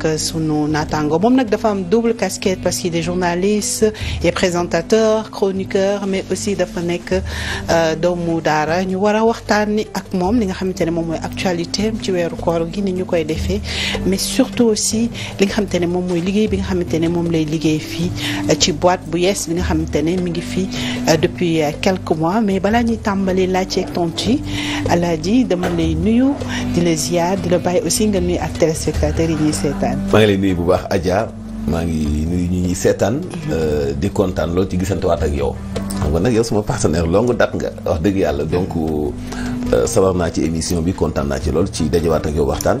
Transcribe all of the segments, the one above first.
que sunu naataango moom nag dafa am double casquette parce que qu'il est journaliste et présentateur chroniqueur mais aussi dafa nekk euh, doomu daara ñu war a waxtaan ni ak moom li nga xamante ne moom mooy actualité ci weeru gi ni ñu koy defee mais surtout aussi li nga xamante ne moom mooy liggéey bi nga xamante ne moom lay liggéey fii euh, ci boit bu yees bi nga xamante ne mi ngi fii euh, depuis quelques mois mais balaa ñuy tàmbali laajte ak tontu yi Alaaji dama lay nuyu di la ziar di la bàyyi aussi nga nuyu ak téléspectateurs yi ñuy seetaan maa ngi lay nuyu bu baax Adja maa ngi nuyu ñu ñuy seetaan. Euh, di kontaan lool ci gisantewaat ak yow. xam nga nag yow suma partenaire longue date nga wax dëgg yàlla donc euh, sabar naa ci émission bi kontaan naa ci lool ci dajewaat ak yow waxtaan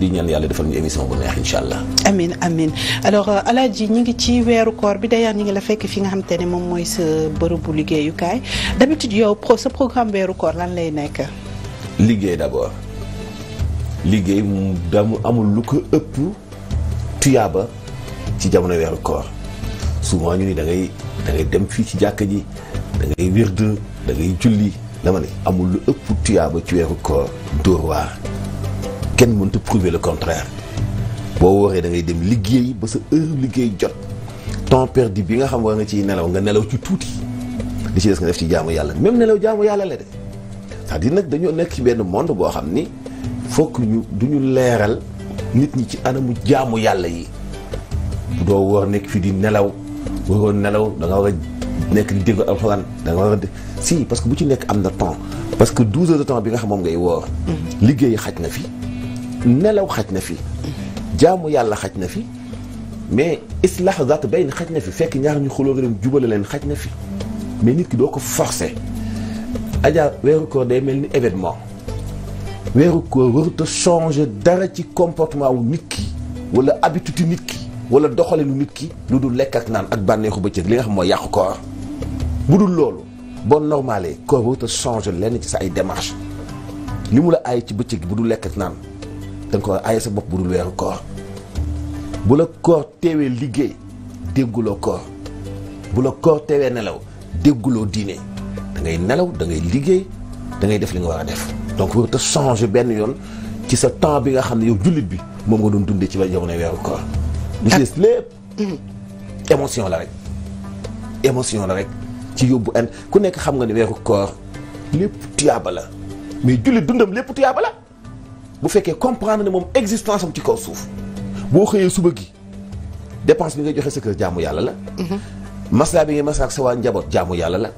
di ñaan yàlla defal ñu émission bu neex incha allah. amin amin alors euh, Alaaji ñu ngi ci weeru koor bi d'ailleurs ñu ngi la fekk fi nga xam te ne moom mooy sa bërëbu liggéeyukaay d'habitude yow pro sa programme weeru koor lan lay nekk. liggéey d'abord. liggéey mu damu amul lu ko ëpp tuyaaba ci jamono weeru koor souvent ñu ni dangay dangay dem fii ci jàkka ji da ngay wird da ngay julli dama ne amul lu ëpp tuyaaba ci weeru koor dóor waar kenn mënta prouver le contraire boo wooree da ngay dem liggéey ba sa heure liggéey jot temps perdu bi nga xam war nga ci nelaw nga nelaw ci tuuti li ci des nga def ci jaamu yàlla même nelaw jaamu yàlla la de cest à nag dañoo nekk ci benn monde boo xam ni fokk ñu du ñu leeral nit ñi ci anamu jaamu yàlla yi doo woor nekk fii di nelaw waroo nelaw da nga war a nekk di a alxuraan da nga war a si parce que bu ci nekk am na temps parce que 12 heures de temps bi nga xam moom ngay woor mhm. liggéey xaj na fi nelaw xaj na fi jaamu yàlla xaj na fi mais islah zaat bayn xaj na fi fekk ñaar ñu xuloo nga leen jubale xaj na fi mais nit ki doo ko forcer Adja weer koor day mel ni événement weeru koor warut a changer dara ci comportement wu nit ki wala habitude nit ki wala doxalinu nit ki lu dul lekk ak naan ak bànneexu bëccëg li nga xam mooy yàqu koor bu dul loolu boo normalee koor warut a changer lenn ci sa ay démarche li mu la aaye ci bëccëg bu dul lekk ak naan danga ko aaye sa bopp bu dul weeru koor bu la koor teewee liggéey dégguloo koor bu la koor teewee nelaw dégguloo diine dangay nelaw da ngay liggéey dangay def li war a def donc warut a changé benn yoon ci sa temps bi nga xam ne yow jullit bi moom nga doon dundee ci ba jamono weeru koor li ci des lépp émotion la rek émotion la rek ci yóbbu en ku nekk xam nga ne weeru koor lépp tuyaaba la mais jullit dundam lépp tuyaaba la bu fekkee comprendre ne moom existence am ci kaw suuf boo xëyee suba gi dépense bi ngay joxe sa kër jaamu yàlla la maslaa bi nga maslaa ak sa waa njaboot jaamu yàlla la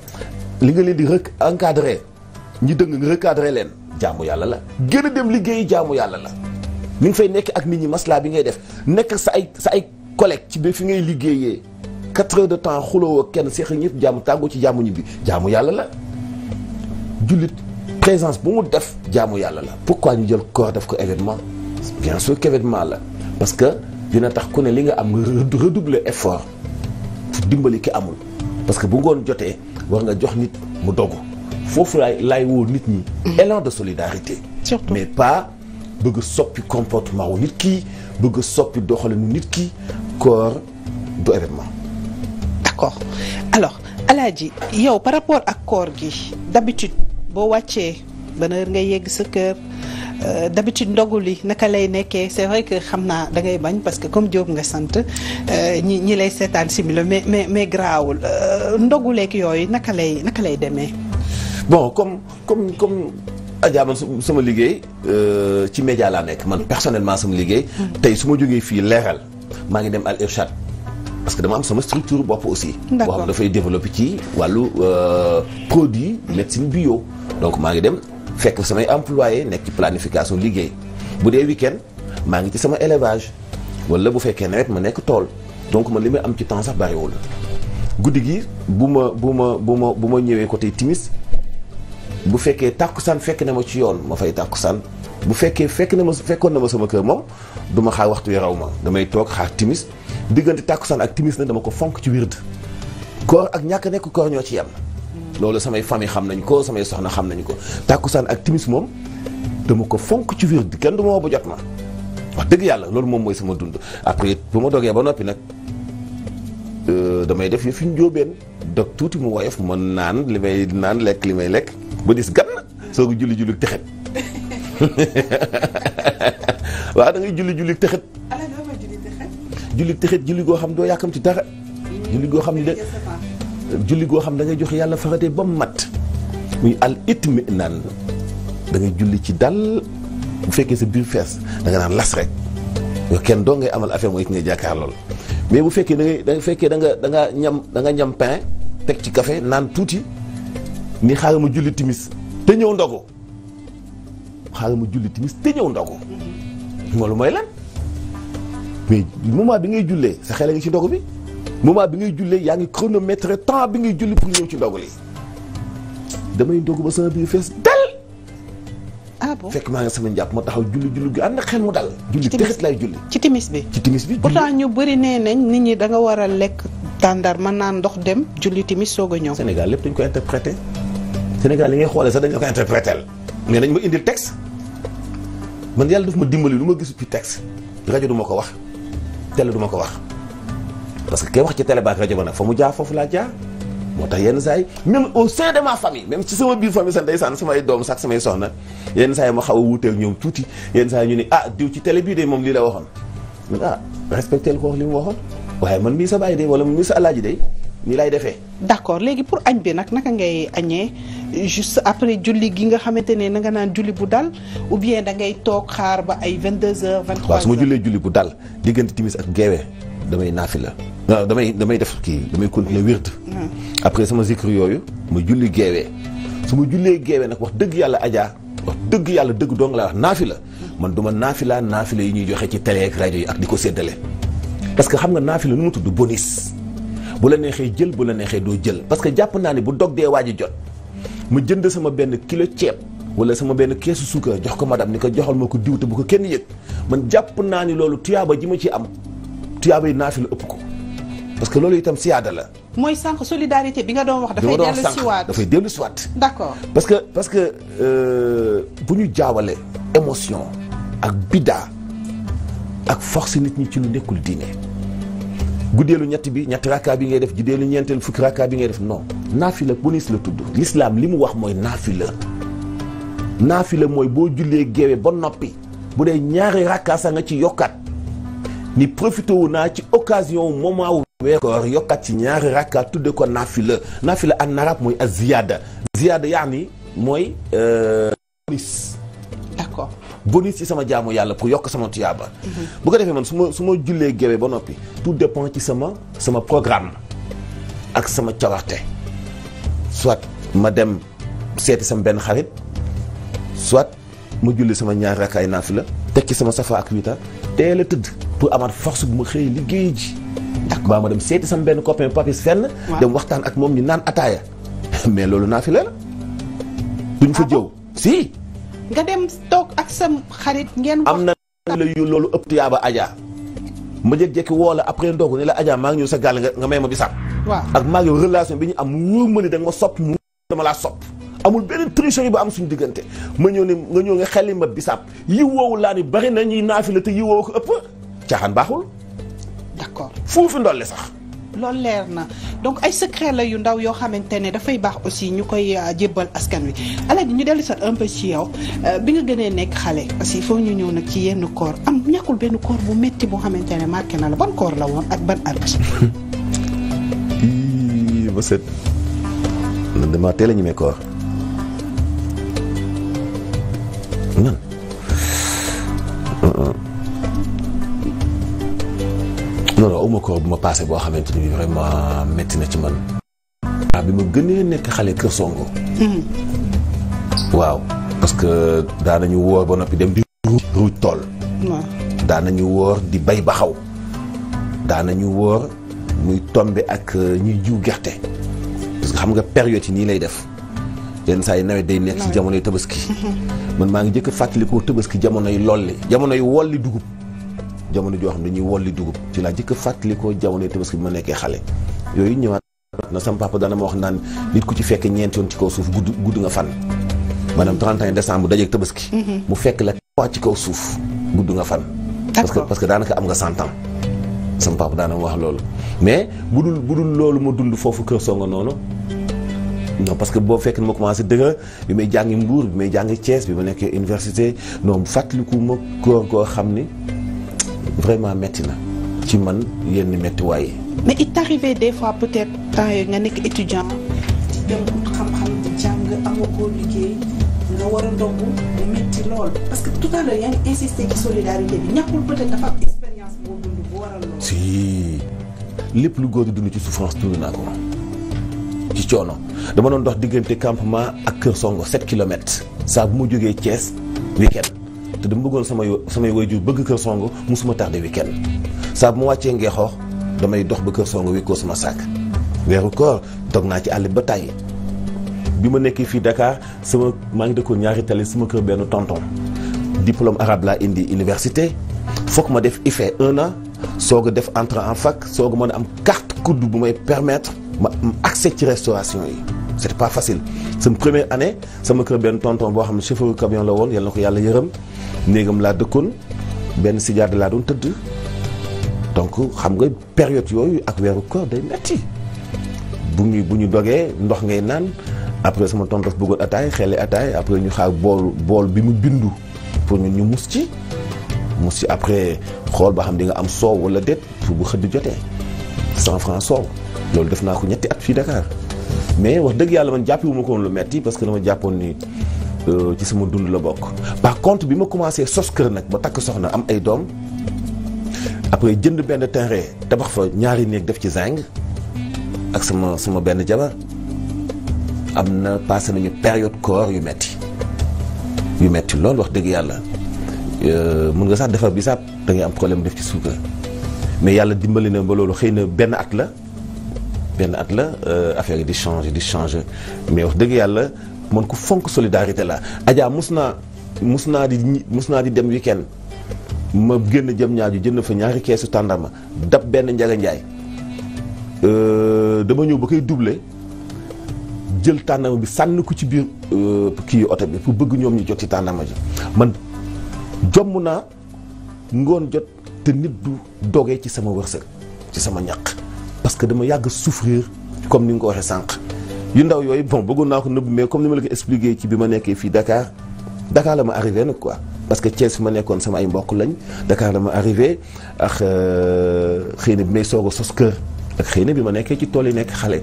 li nga leen di rek encadré ñi dëng nga recadré jaamu yàlla la gën a dem liggéeyi jaamu yàlla la ñu ngi fay nekk ak nit ñi maslaa bi ngay def nekk sa ay sa ay collègue ci bi fi ngay liggéeyee quatre de temps xuloo kenn seex ñëpp jaamu tàggoo ci jaamu ñibbi jaamu yàlla la jullit présence bu mu def jaamu yàlla la pourquoi ñu jël koor def ko événement bien sûr qu'événement la parce que dina tax ku ne li nga am redoubler effort dimbali ki amul parce que bu ngoon jotee war nga jox nit mu dogu foofu laay laay woo nit ñi. élan de solidarité. surtout mais pas bëgg soppi comportement wu nit ki bëgg soppi doxalinu nit ki koor du événement. d'accord alors Alaaji yow par rapport ak koor gi d'habitude boo wàccee ban heure yegg sa kër. Euh, d'habitude ndogu li naka lay nekkee c'est vrai que xam naa da ngay bañ parce que comme Diop nga sant euh, ñi ñi lay seetaan similo mais mais mais garaawul euh, ndogu leeg yooyu naka lay naka lay demee. bon comme comme comme Adja man sama liggéey euh, ci média laa nekk man personnellement sama liggéey. tey su ma jógee fii leeral maa ngi dem Al Irshad parce que dama am sama structure bopp aussi. boo xam dafay développer ci wàllu euh, produit médecine bio. donc maa ngi dem fekk samay employé nekk ci planification liggéey bu dee week maa ngi ci sama élevage wala bu fekkee nawet ma nekk tool donc man li may am ci temps sax bariwul guddi gi bu ma bu ma bu ma bu ma ñëwee côté timis bu fekkee tàkkusaan fekk na ma ci yoon ma fay tàkkusaan bu fekkee fekk na ma fekkoon ne ma sama kër moom duma ma xaar waxtu wi ma damay toog xaar timis diggante tàkkusaan ak timis na dama ko fonk ci wird koor ak ñàkk nekk koor ñoo ci yem loolu samay famille xam nañ ko samay soxna xam nañ ko tàkkusaan ak timis moom dama ko fonk ci wird kenn du ma woo jot ma wax dëgg yàlla loolu moom mooy sama dund après bu ma dogee ba noppi nag euh, damay def yëf fi ñu jóobeen dog tuuti mu woyof ma naan li may naan lekk li may lekk bëlis gann soo ko julli julli texet waaw da ngay julli julli texet julli texet julli koo xam doo yàkkam ci dara julli goo xam ne da julli goo xam da ngay joxe yàlla faratee ba mat muy al itmi naan da julli ci dal bu fekkee sa biir fees da nga naan las rek yow kenn doo ngay amal affaire mooy ki ngay jàkkaar lool mais bu fekkee da ngay fekkee da nga da nga ñam da nga pain teg ci kafe naan tuuti ni xaaral ma julli timis te ñëw ndogu xaaral ma julli timis te ñëw ndogu loolu mhm. mooy lan mais moment bi ngay jullee sa xel a ngi ci ndogu bi moment bi ngay jullee yaa ngi chronomètre temps bi ngay julli pour ñëw ci ndogu li damay ndogu ba sama biir fees dal ah bon fekk maa ngi sama njàpp ma taxaw julli julli gi ànd na xel mu dal julli texit lay ci timis bi ci timis bi pourtant ñu bëri nee nañ nit ñi da nga war a lekk tàndar mën naa ndox dem julli timis soog a ñëw Sénégal yëpp dañ ko interprété Sénégal li ngay xoolee sax dañ ko interpréter mais nañ ma indil texte man yàlla daf ma dimbali lu ma gisu ci texte rajo duma ko wax télé du ko wax parce que kay wax ci télé ba rajo ba nag fa mu jaar foofu laa jaar moo tax yenn saa yi même au sein de ma famille même ci sama biir famille sax ndeysaan samay doom sax samay soxna yenn saa yi ma xaw a wuuteeg ñoom tuuti yenn saa yi ñu ne ah diw ci télé bii de moom lii la waxoon man ah respecté ko li mu waxoon waaye man mii sa bàyyi de wala man sa alaaji ni lay defee. d'accord léegi pour añ bi nag naka ngay añee juste après julli gi nga xamante ne na nga naan julli bu dal ou bien dangay toog xaar ba ay 22h 23h. waaw su ma jullee julli bu dal diggante timis ak ngeewee damay naafila la damay damay def kii damay continuer wird. Hmm. après sama zikr yooyu ma julli geewee su ma jullee geewee nag wax dëgg yàlla ajaa wax dëgg yàlla dëgg dong laa wax la man du ma naafi la yi ñuy joxe ci télé ak rajo yi ak di ko séddale parce que xam nga naafila nu mu tudd bonus. bu la neexee jël bu la neexee doo jël parce que jàpp naa ne bu dog dee waa ji jot ma jënd sama benn kilo ceeb wala sama benn keesu suukar jox ko ma madame ni ko joxal ma ko diw te bu ko kenn yëg man jàpp naa ni loolu tuyaaba ji ma ci am tuyaaba yi la ëpp ko parce que loolu itam siyaada la. mooy sànq solidarité bi nga doon wax. dafay dellu si waat dellu siwaat. d'accord parce que parce que euh, bu ñu jaawale émotion ak biddaa ak force nit ñi ci lu nekkul diine. guddeelu ñetti bi ñetti rakka bi ngay def guddeelu ñeenteel fukki rakka bi ngay def non naafila bonus la tudd l'islam li mu wax mooy naafi naafila la mooy boo jullee géewe ba noppi bu dee ñaari rakka sa nga ci yokkaat ni profité wu naa ci occasion moment wu weer koor yokkaat ci ñaari rakka tudde ko naafila la ak arab mooy az ziyaada ziyaada yaani mooy bonus euh, bonus ci sama jaamu yàlla pour yokk sama tuyaaba. Mhm. bu ko defee man su ma su ma jullee géwe ba noppi tout dépend ci sama sama programme ak sama cawarte soit ma dem seeti sama benn xarit soit ma julli sama ñaar rakaay naafila tekki sama safa ak wiita teel a tëdd pour amaat force bu ma xëy liggéey ji ndax baa ma dem seeti sama benn copain papis fenn dem waxtaan ak moom ñu naan ataaya mais loolu naafila la duñ fa ah jëw si nga dem toog ak sa xarit ngeen. am na la yu loolu ëpp tuyaaba Adja. ma jékki-jékki woo la après gu ne la Adja maa ngi ñëw sa gaal nga may ma bisaab. waaw ak maa ngi relation bi ñu am wóor mën ni da nga ma sopp mu dama laa sopp amul benn tricherie bu am suñu diggante ma ñëw ne nga ñëw nga xelli ma bisaab yi woowu laa ni bari na ñuy naafi la te yi woowu ko ëpp caaxaan baaxul. d'accord foofu ndolle sax. loolu leer na donc ay secret la yu ndaw yoo xamante ne dafay baax aussi ñu koy euh, jébbal askan wi Alaaji ñu dellu sat un ci yow euh, bi nga gënee nekk xale aussi foo ñu ñëw nag ci yenn koor am ñàkkul benn koor bu métti boo xamante ne marqué na la ban koor la woon ak ban at ba set man damaa koor awma koor bu ma passé boo xamante ni vraiment métti na ci man waaw bi ma gënee nekk xale kër Songo mm-hmm. parce que daanañu woor ba noppi dem di ruuj tool ñu woor di bay ba xaw baxaw ñu woor muy tombe ak euh, ñuy jiw gerte parce xam nga période yi nii lay def yenn saa yi nawet day nekk ci jamonoy tabaski man maa ngi jëkk fàttalikoo tabaski jamonoy lolli jamonoy wolli dugub jamono joo xam ne dañuy wolli dugub ci laa jëkk fàttalikoo jamono tabaski bi ma nekkee xale yooyu ñëwaat na sama papa dana ma wax naan nit ku ci fekk ñeent yoon ci kaw suuf gudd gudd nga fan maanaam 31 décembre dajeeg mhm. nga fan parce que parce que daanaka am nga cent ans sama papa daana ma wax loolu mais bu dul bu dul loolu ma dund foofu kër songa noonu non parce que boo fekk ne ma commencé dëgg bi may jàngi Mbour bi may jàngi Thiès bi ma nekk université non fàttaliku ma koo xam ni vraiment métti na ci man yenn méttiwaay yi. des fois peut-être temps nga nekk étudiant. ci dem xam-xam jàng amagoo liggéey nga war a ndogu mu métti lool. parce que tout yaa ngi insisté ci solidarité bi ñàkkul peut dafa expérience boo dund bu waral lool. si lépp lu góor di dund ci souffrance dund naa ko ci coono dama doon dox diggante campment ak Kër Songo 7 kilomètres saa bu ma jógee Thiès week te dama bëggoon samay samay waajur bëgg kër songo musuma suma week-end saa bu ma wàccee ngeexoox damay dox ba kër songo wi ko sama sàkk weeru koor toog naa ci àll ba tàyyi bi ma nekkee fii Dakar sama maa ngi dëkkoon ñaari tali sama kër benn tonton diplôme arabe laa indi université foog ma def IFE un an soog a def entre en fak soog a mën a am carte kuddu bu may permettre ma accès ci restauration yi c'était pas facile sama première année sama kër benn tonton boo xam ne chauffeur camion la woon yal na ko yàlla yërëm néegam laa dëkkoon benn sijaada laa doon tëdd donc xam nga période yooyu ak weeru koor day metti bu ñu bu ñu dogee ndox ngay naan après sama tonton daf bëggoon ataay xeele ataay après ñu xaar bool bool bi mu bindu pour ñu ñu mus ci mus ci après xool ba xam di nga am soow wala déet pour bu xëdd jotee cent francs soow loolu def naa ko ñetti at fii Dakar mais wax dëgg yàlla man jàppiwu ma lu metti parce que dama jàppoon ni euh, ci sama dund la bokk par contre bi ma commencé sos kër nag ba takk soxna am ay doom après jënd benn terrain tabax fa ñaari néeg def ci zinc ak sama sama benn jabar am na passé nañu période koor yu metti yu metti loolu wax dëgg yàlla euh, mën nga sax defar bisaab da ngay am problème def ci suukar mais yàlla dimbali na ba loolu xëy na benn at la benn at la euh, affaire yi di changer di changer mais wax dëgg yàlla man ku fonk solidarité la ajaa mus naa mus naa di mus naa di dem weekend ma génn jëm ñaaju jënn fa ñaari keesu tàndarma dab benn njaga njaay euh, dama ñëw ba koy doublé jël tàndarma bi sànni ko ci biir euh, kii oto bi pour bëgg ñoom ñu jot ci tàndarma ji man jomm naa ngoon jot te nit du dogee ci sama wërsëg ci sama ñaq parce que dama yàgg souffrir comme ni nga ko waxee sànq yu ndaw yooyu bon bëggoon naa ko nëbb mais comme ni ma la ko expliqué ci bi ma nekkee fii Dakar Dakar la ma arrivé nag quoi parce que Thiès fi ma nekkoon sama ay mbokk lañ Dakar la ma arriver ak euh, xëy na bi may soog a sos kër ak xëy na bi ma nekkee ci tool yi nekk xale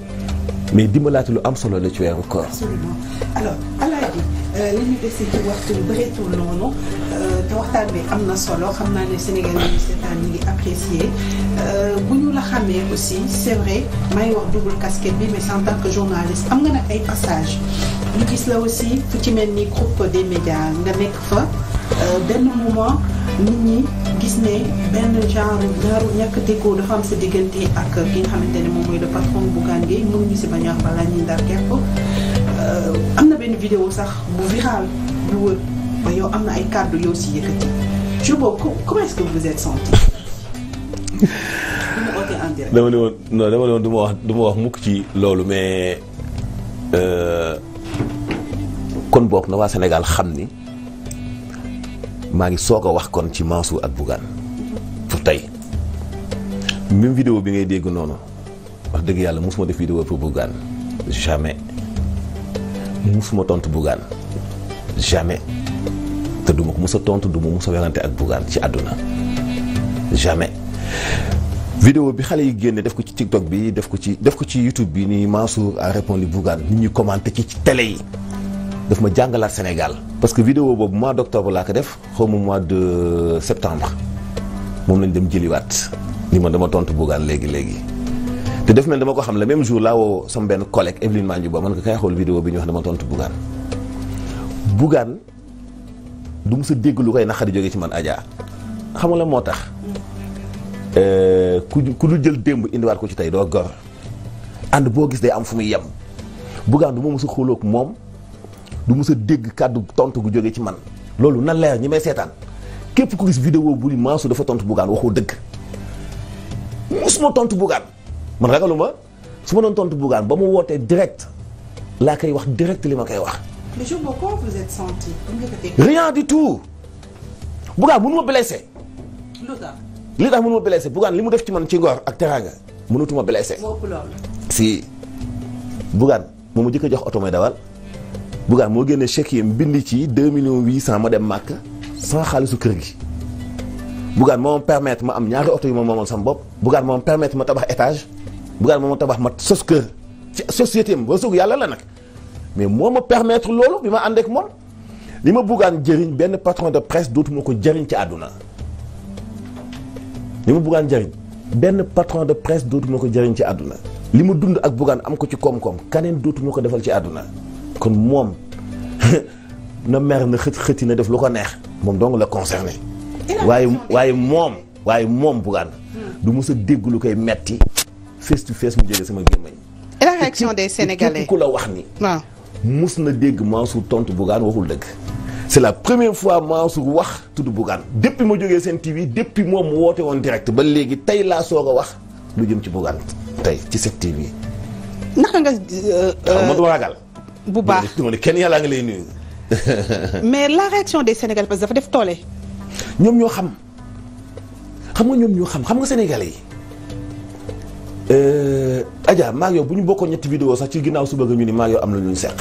mais dimbalaate lu am solo la ci weeru koor. Absolument Euh, li ñu dese ci waxtu bi noonu euh, te waxtaan bi am na solo xam naa ne Sénégal yi seetaan ñi ngi apprécier euh, bu ñu la xamee aussi c'est vrai may wax double casquette bi mais en tant que journaliste am nga nag ay passage ñu gis la aussi fu ci mel ni groupe des médias nga nekk fa benn moment nit ñi gis ne benn genre ñaaru ñàkk déggoo dafa am sa diggante ak ki nga xamante ne moom mooy le patron Bougane Gueye mënuñu si bañ a wax balaa ñuy ndar képp Euh, am na benn vidéo sax bu viral bu wër ba yow am na ay kàddu yoo si yëkkati jour boobu comment est-ce que vous êtes senti. dama ne woon non dama ne woon du ma wax du wax mukk ci loolu mais euh, kon boog na waa Sénégal xam ni maa ngi soog a wax kon ci Mansour ak Bougane pour tey même vidéo bi ngay dégg noonu wax dëgg yàlla mosuma def vidéo pour Bougane jamais. musuma tontu Bougane jamais te duma ko musa tontu duma musa werante ak Bougane ci àdduna jamais video bi xale yi génne def ko ci TikTok bi def ko ci def ko ci YouTube bi ni Mansour a répondu Bougane nit ñi commenté ci ci télé yi daf ma jàngalaat Sénégal parce que vidéo boobu mois d'octobre laa ko def xaw mois de septembre moom lañ dem jëliwaat ni ma dama tontu Bougane léegi léegi te def mel dama ko xam le même jour laa woo sama benn collègue Evelyne Mandiou Ba man ko kay xool vidéo bi ñu wax dama dégg lu koy naqari jóge ci man Adja xam nga la moo tax euh, ku ku jël démb indiwaat ko ci tey doo boo gis day am fu muy yem Bougane du ma mës a moom du mës dégg kàddu tontu gu jóge ci man loolu na leer ñi may seetaan képp ku gis vidéo bu ni dafa tontu Bougane waxoo dëgg mosuma tontu Bougane man ragaluma su ma doon tontu Bougane ba mu wootee direct laa koy wax direct li ma koy wax. le jour boobu vous êtes senti. rien du tout. Bougane mënu ma li tax mënu ma blessé li mu def ci man ci ngor ak teraanga mënutuma blessé. si Bougane moom mu jëkk jox oto may dawal. Bougane moo génne chèque yi bind ci 2 millions 800 ma dem màkk sans xaalisu kër gi. Bougane moo ma permettre ma am ñaari oto yu ma moomal sama bopp. Bougane moo ma permettre ma tabax étage. Bougane moo ma tabax ma sos kër ci société am ba soog yàlla la nag mais moo ma permettre loolu bi ma àndeek ak moom li ma Bougane jëriñ benn patron de presse dootuma ko jëriñ ci àdduna li ma Bougane jëriñ benn patron de presse dootuma ko jëriñ ci àdduna li ma dund ak buggaan am ko ci koom-koom kaneen dootuma ko defal ci àdduna kon moom na mer na xët xëti na def lu ko neex moom dong la concerné waaye waaye moom waaye moom Bougane du mës a dégg lu koy metti face to face mu jógee sama gémmañ et la réaction des sénégalais ku la wax ni waaw mus na dégg Mansour tontu Bougane waxul dëgg c'est la première fois Mansour wax tudd Bougane depuis ma jógee seen TV depuis moom mu woote woon direct ba léegi tey laa soog a wax lu jëm ci Bougane tey ci seen TV. naka nga. moo euh, du ragal. Euh, bu baax kenn yàlla nga lay nuyu. mais la réaction des Sénégalais parce que dafa def toole. ñoom ñoo xam xam nga ñoom ñoo xam xam nga Sénégalais yi. Euh, Adja maa ngi yow bu ñu bokkoo ñetti vidéo sax ci ginnaaw su nga ñu ni maa yow am na lu seq.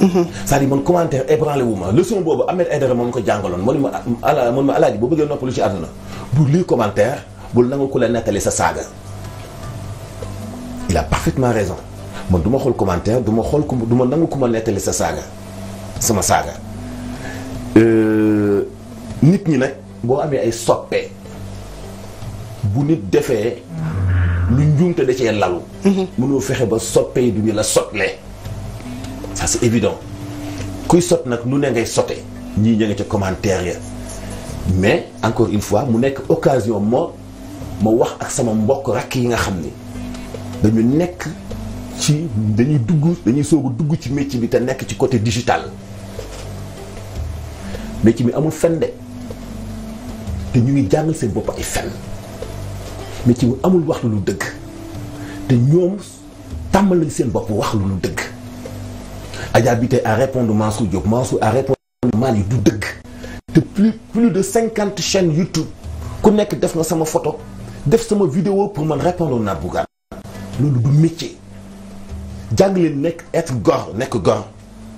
Mhm. cest à man commentaire ébranlé wu ma leçon boobu Ahmed Aïdara moom ko jàngaloon man ma ala man ma alaaji boo bëggee noppalu ci àdduna bul lii commentaire bu nangu ko la nettali sa saaga. il a du ma xool commentaire du ma xool ku du ma nangu ku ma sa saaga sama saaga. Euh, nit ñi nag boo amee ay soppe bu nit defee. lu njuumte da cee lalu. Mhm. mënoo fexe ba soppee du ñu la sotle ça c'est évident kuy sot nag nu ne ngay sote ñii ña ngi ca commentaire ya mais encore une fois mu nekk occasion moo ma wax ak sama mbokk rakk yi nga xam ni dañu nekk ci dañuy dugg dañuy soog a dugg ci métier bi te nekk ci côté digital métier bi amul fen de te ñu ngi jàngal seen bopp ay fen métier bu amul wax lu lu dëgg te ñoom tàmmal nañ seen bopp wax lu lu dëgg Adja Bité a répondre Mansour Diop Mansour a répondre Mali du dëgg te plus plus de cinquante chaînes YouTube ku nekk def nga sama photo def sama video pour man répondre naat Bougane loolu du métier jàng leen nekk être gor nekk gor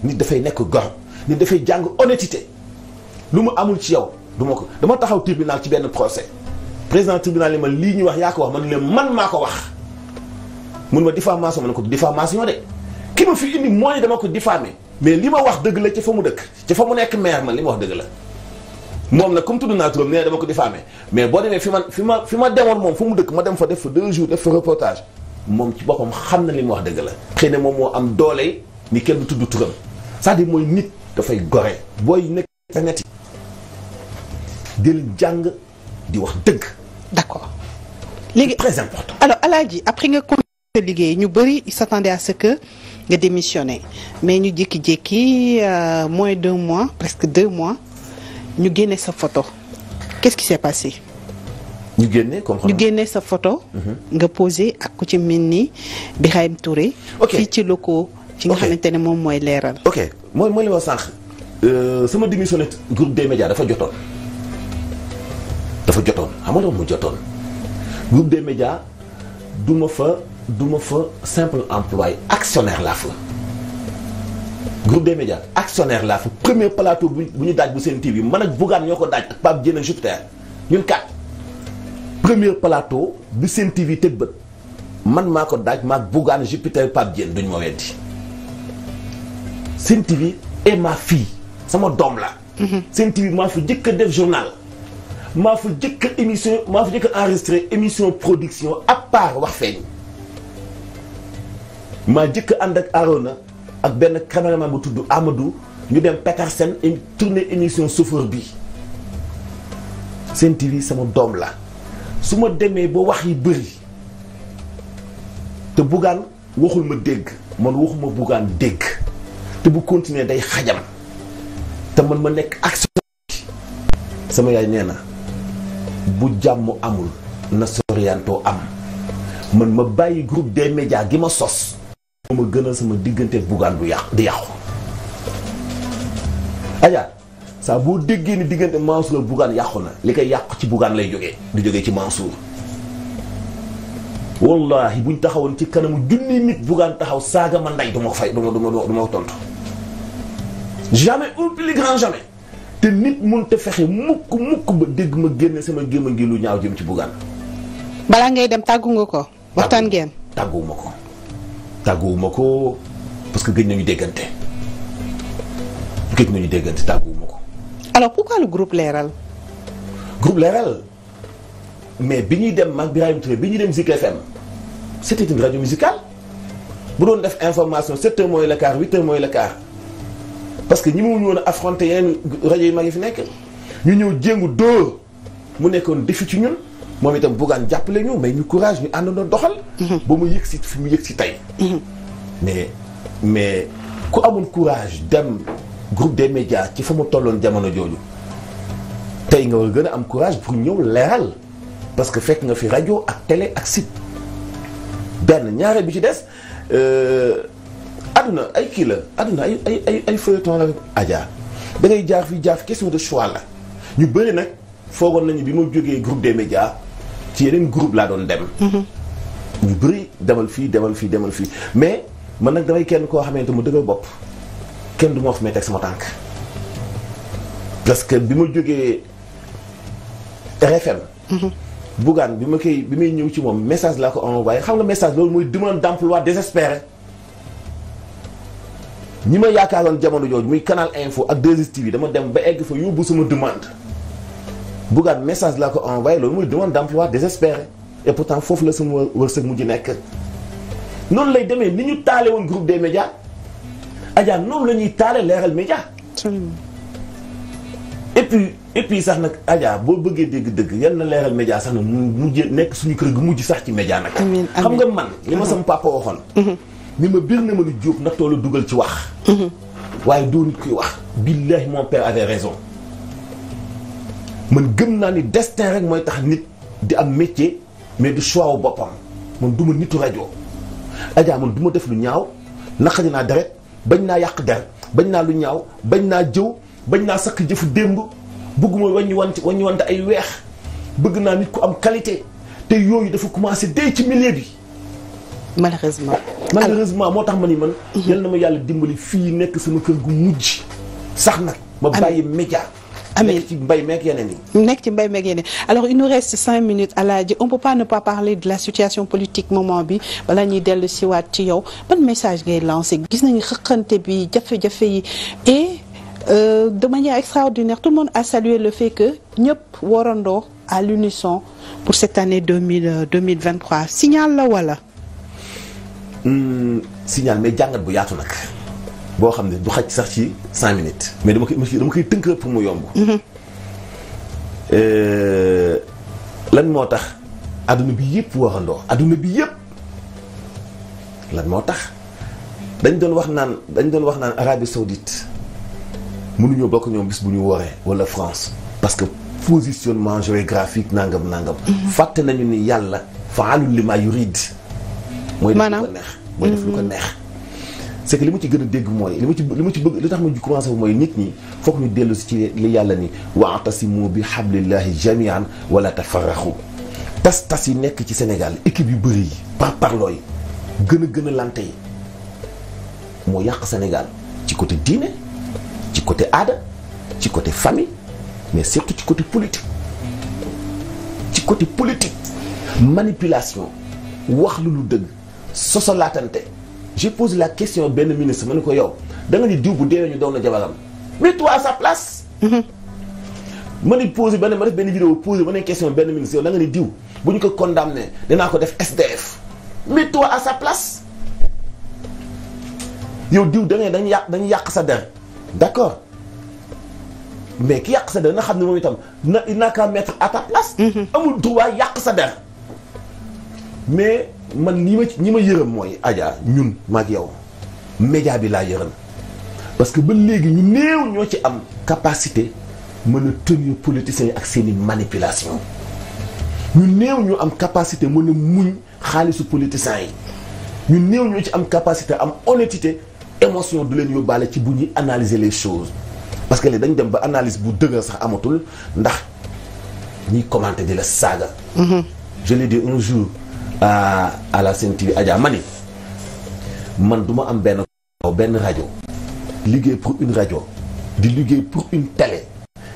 nit dafay nekk gor nit dafay jàng honnêteté lu mu amul ci yow du ma ko dama taxaw tribunal ci benn procès président tribunal yi ma lii ñu wax yaa ko wax man leen man maa ko wax mun ma diffamation ma ne ko diffamation de ki ma fi indi mooy dama ko diffamé mais li ma wax dëgg la fa mu dëkk fa mu nekk maire ma li ma wax dëgg la moom nag comme tudd dama ko diffamé mais boo demee fi ma fi ma fi ma demoon moom fu mu dëkk ma dem fa def fa deux jours def fa reportage moom ci boppam xam na li mu wax dëgg la xëy na moom moo am doole ni kenn du tudd turam cest à mooy nit dafay gore booy nekk internet yi di jàng di wax dëgg. d'accord léegi très important. alors Alaaji après nga continué liggéey ñu bëri ils s'attendaient à ce que nga démissionné mais ñu jékki-jékki euh, mooy d'un mois presque deux mois ñu génne sa photo qu'est-ce qui s'est passé. ñu génne comprendre ñu sa photo. Mm-hmm. nga posé ak ku ci mel ni Birahim Touré. fii ci locaux ci nga xamante ne moom mooy leeral. ok mooy mooy li ma sànq euh, sama démissionné groupe des médias dafa jotoon. dafa jotoon xam nga mu jotoon groupe de média du ma fa du ma fa simple employé actionnaire laa fa groupe des médias actionnaire laa fa premier plateau bu ñu daaj bu seen TV man ak Bougane ñoo ko daaj ak Pape Dieng ak Jupiter ñun bu seen TV man maa ko daaj maag Bougane Jupiter Pape Dieng duñ ma weddi seen TV et ma fille sama doom la mhm. seen TV maa fi jëkk def journal maa fa jëkk a émission maa fa jëkk a émission production à part wax feeñ maa jëkk ànd ak Arona ak benn caméraman bu tudd Amadou ñu dem Petersen tourné émission chauffeur bi Sen TV sama doom la su ma demee ba wax yi bëri te buggaan waxul ma dégg man ma buggaan dégg te bu continuer day xajam te man ma nekk action sama yaay nee na bu jàmm amul na Sorianto am man ma bàyyi groupe de médias gi ma sos moo ma gënal sama diggante buggaan du yàqu di yàqu ajaar saa boo déggee ni diggante Mansour ak buggaan yàqu na li koy yàqu ci buggaan lay jógee du jógee ci Mansour wallahi buñ taxawoon ci kanamu junni nit buggaan taxaw saaga ma ndey du fay du ma du ma du ma ko tontu jamais ou plus grand jamais te nit mun te fexe mukk mukk ba dégg ma génne sama gémma gi lu ñaaw jëm ci buggaan balaa ngay dem tàggu nga ko waxtaan ngeen tàgguwuma ko tàgguwuma ko parce que gëj nañu déggante gëj nañu déggante tàgguwuma ko alors pourquoi le groupe Leeral groupe Leeral mais bi ñuy dem mag Birahim Touré bi ñuy dem Zik FM c'était une radio musicale bu doon def information 7 mooy le quart mooy le parce que ñi ma ñu woon a affronté yeneen rajo yu mag yi fi nekk ñu ñëw jéngu dóor mu nekkoon défi ci ñun moom itam buggaan jàppale ñu mais ñu courage ñu àndandoo doxal. Mhm. ba mu yëg si fi mu yëg si tey. Mhm. mais mais ku amul courage dem groupe des médias ci fa mu tolloon jamono jooju tey nga war gën a am courage pour ñëw leeral parce que fekk nga fi rajo ak télé ak site benn ñaare bi ci des. Euh, àdduna ay kii la àdduna ay ay ay ay feuilleton la Adja da ngay jaar fi jaar question de choix la ñu bëri nag foogoon nañu bi ma jógee groupe des médias ci yeneen groupe laa doon dem. Mm-hmm. ñu bëri demal fii demal fii mais man nag damay kenn koo xamante mu dëgër bopp kenn du ma wax may teg sama tànk. parce que bi ma jógee RFM. Mm-hmm. Bougane bi ma koy bi may ñëw ci moom message laa ko envoyé xam nga message loolu mooy demande d'emploi désespéré. ñi ma yaakaaroon jamono jooju muy canal info ak 2STV dama dem ba egg fa yóbbu sama demande bugaat message laa ko envoyé loolu muy demande d'emploi désespéré et pourtant foofu la sama wërsëg mujj nekk noonu lay demee ni ñu taale woon groupe des médias Adja noonu la ñuy taale leeral média et puis et puis sax nag Adja boo bëggee dégg-dëgg yan na leeral média sax nag mu mujj nekk suñu kër gu mujj sax ci média nag xam nga man li ma sama papa waxoon mm-hmm. ni ma biir na ma ni Diop ndax toolu dugal ci wax. Mhm. waaye doo nit kuy wax. billahi mon père avait raison man gëm naa ni destin rek mooy tax nit di am métier mais du choix wu boppam man du nitu rajo. Adja man du ma def lu ñaaw naqari naa deret bañ naa yàq der bañ naa lu ñaaw bañ naa jëw bañ naa sakk jëfu démb bëgguma waññi wante waññi wante ay weex bëgg naa nit ku am qualité te yooyu dafa commencé day ci milieu bi. malheureusement. malheureusement moo tax ma ni man. Mhm. yal na ma yàlla dimbali fii nekk sama kër gu mujj. sax nag ma bàyyi média. amiin nekk ci mbay meeg yeneen nekk ci mbay meeg yeneen alors il nous reste cinq minutes Alaaji on peut pas ne pas parler de la situation politique moment bi balaa ñuy dellu siwaat ci yow ban message ngay lancé gis nañu xëqante bi jafe-jafe yi e euh, de manière extraordinaire tout le monde a salué le fait que ñëpp warandoo à l'unisson pour cette année deux mille euh, deux mille vingt-trois signal la wala. Hmm, signal mais jàngat bu yaatu nag boo xam ne du xaj sax ci cinq minutes mais dama koy dama koy tënk rek mu yomb mhm. euh, lan moo tax adduna bi yëpp waxandoo adduna bi yëpp lan moo tax dañ doon wax naan dañ doon wax naan Arabie Saoudite mënuñoo bokk ñoom bis bu ñu waree wala France parce que positionnement géographique nangam nangam mhm. fàtte nañu ni yàlla faalul li mooy def lu ko lu ko mm-hmm. neex c'est li ma ci gën a dégg mooy li ma ci ma ci bëgg li tax ma commencé bu mooy nit ñi foog ñu dellu si ci li yàlla ni wa'tasimu bi xam hablillahi jamian wala tafarraxu tas tas yi nekk ci Sénégal équipe yu bëri yi par parloo yi gën a gën a lante yi moo yàq Sénégal ci côté diine ci côté aada ci côté famille mais surtout ci côté politique ci côté politique manipulation wax lu lu dëgg sosolaatante j'ai posé la question benn ministre ma ne ko yow da nga ni diw bu deewee ñu doon na jabaram mets à sa place. Mhm. ma ni posé benn ma def benn vidéo posé ma ne question benn ministre yow da nga ni diw bu ñu ko condamné dinaa ko def SDF mets à sa place yow diw da ngay dañu yàq dañu yàq sa der d'accord mais ki yàq sa der na xam ne moom itam na il n'a qu'à mettre à ta place. Mhm. amul droit yàq sa der man li ma ñi ma yërëm mooy Adja ñun maag yow média bi laa yërëm parce que ba léegi ñu néew ñoo ci am capacité mën a tenir politiciens ak seen manipulation ñu néew ñu am capacité mën a muñ xaalisu politiciens yi ñu néew ñoo ci am capacité am honnêteté émotion du leen yóbbaale ci bu ñuy analyser les chose parce que léegi dañ dem ba analyse bu dëgër sax amatul ndax ñiy commenter di la saaga mm-hmm. je l'ai dit un jour Euh, à la Sen TV Adja ma man du ma am benn benn rajo liggéey pour une rajo di liggéey pour une télé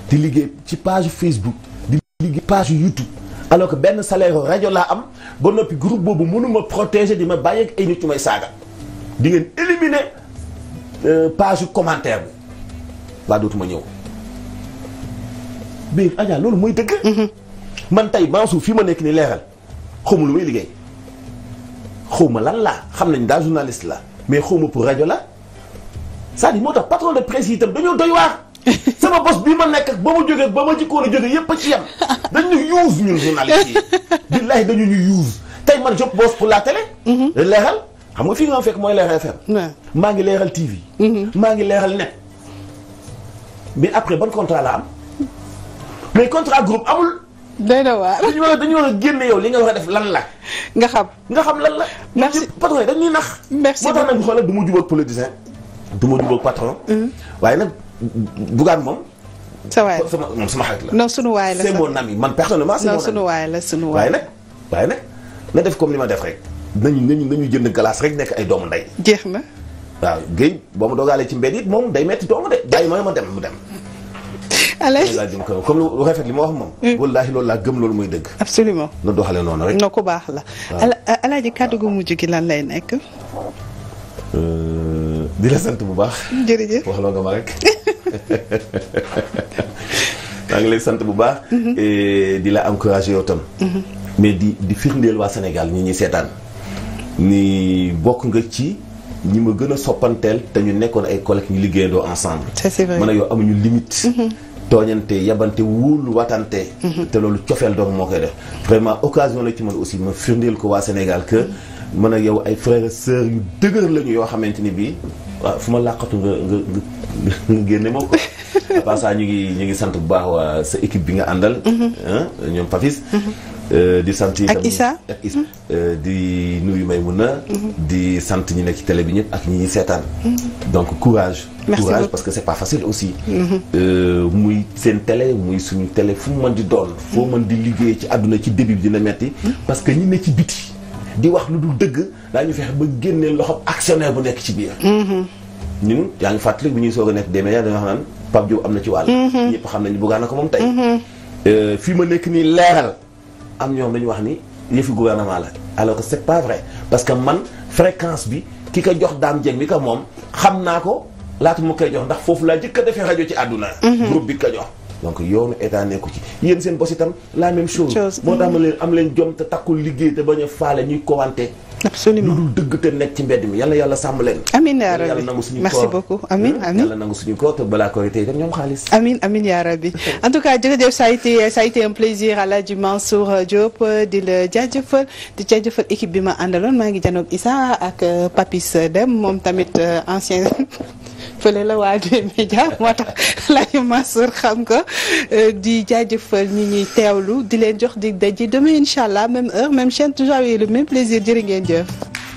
di liggéey ci page Facebook di liggéey page YouTube alors que benn salaire rajo laa am ba noppi groupe boobu mënuma protéger di ma bàyyeek ay nit ñu may saaga di ngeen éliminer euh, page commentaire bi waa dootuma ñëw biir Adja loolu mooy dëgg mm-hmm. man tey Mansour fii ma nekk ni leeral xamul lu may liggéey xaw ma lan laa xam nañ daal journaliste la mais xaw ma pour rajo la cest à moo tax patron de presse yi itam dañoo doy waar. sama bos bii ma nekk ak ba ma jógee ba ma jikkoon a jógee yépp a ci yem dañu ñu yuus ñun journaliste yi billahi dañu ñu yuus tey man job boos pour la télé mhm. leeral xam nga fii nga fekk mooy leeral FM maa ngi leeral TV mhm. maa ngi leeral net mais après ban contrat la am mais contrat groupe amul day na waar dañu war a dañu war a génne yow li nga war a def lan la. nga xam nga xam lan la. merci patron yi dañuy nax. merci moo tax nag xoolal du ma jubóog politicien du ma jubóog patron. Mm-hmm. waaye nag bugaan moom. sa waay la sama moom sama la. non sunu waay la c'est mon ami man personnellement. c'est mon ami non sunu waay la sunu waay waaye nag waaye nag na def comme li ma def rek. nañu nañu nañu jënd glace rek nekk ay doomu ndey. jeex na. waaw Guèye boo ma doogalee ci mbedd it moom day metti doomu de bàyyi ma ma dem mu dem. Alaaji laa jëm kanam comme lu rafet li ma wax moom. Mm. wallaahi loolu laa gëm loolu mooy dëgg. absolument doxale noonu rek. na ko baax la. Alaaji kàddu mujj gi lan lay nekk. Euh, di sant bu baax. jërëjëf waxaloo nga ma rek. sant bu baax. Mm-hmm. di la encourager yow tam. Mm-hmm. mais di waa Sénégal ñi ñuy seetaan. ni bokk nga ci ñi ma gën a soppanteel te ñu nekkoon ay collègues ñu liggéeyandoo ensemble. man ak yow amuñu limite. Mm-hmm. tooñante yabante wóolu watante mhm. te loolu cofeel doom moo koy def vraiment occasion la ci man aussi ma firndeel ko waa Sénégal que mhm. man a yow ay frères sœurs yu dëgër lañu yoo xamante ni bi waaw fu ma làqatu nga nga nga génne ma ko à part ça ñu ngi sant bu baax waa sa équipe bi nga àndal mhm. ñoom Papis Euh, di sant itam ak Issa ak Issa euh, di nuyu Maymuna di sant ñi nekk ci télé bi ñëpp ak ñi ñuy seetaan donc courage Merci courage beaucoup. parce que c'est pas facile aussi mm-hmm. euh, muy seen télé muy suñu télé fu mu di doon foo mën di liggéey ci àdduna ci début bi dina metti mm-hmm. parce que ñi ne ci biti di wax lu dul dëgg daañu fexe ba génnee loxob actionnaire bu nekk ci biir mm-hmm. ñun yaa ngi fàttali bu ñuy soog a nekk des médias dañoo xam naan Pape Diop am na ci wàll ñëpp xam nañu buggaan na ko moom tey fii ma nekk nii leeral am ñoom dañu wax ni yëfi gouvernement la alors que c'est pas vrai parce que man fréquence bi ki ko jox daam jeng bi ko moom xam naa ko laata mu koy jox ndax foofu laa jëkk a defee rajo ci àdduna mhm. groupe bi ko jox donc yoonu état nekku ci yéen seen bos itam la même chose moo tax ma mhm. leen am leen jom te takkul liggéey te bañ a faale ñuy kowante absolument lu dul dëgg te nekk ci mbedd mi yàlla yàlla sàmm leen. amiin yaa rabbi yàlla nangu suñu merci beaucoup amiin amiin yàlla nangu suñu koor te balaa korite itam ñoom xaalis. amiin amiin yaa rabbi en tout cas jërëjëf ça a été ça a été un plaisir El Hadj Mansour euh, Diop euh, di la jaajëfal di jaajëfal équipe bi ma àndaloon maa ngi janoog Issa ak euh, Papis Dem moom tamit ancien. fële la waa D-Media moo tax lañu Mansour xam ko euh, di jaajëfal ni ñuy teewlu di leen jox dig daje demain incha allah même heure même chaîne toujours avec le même plaisir jërë ngeen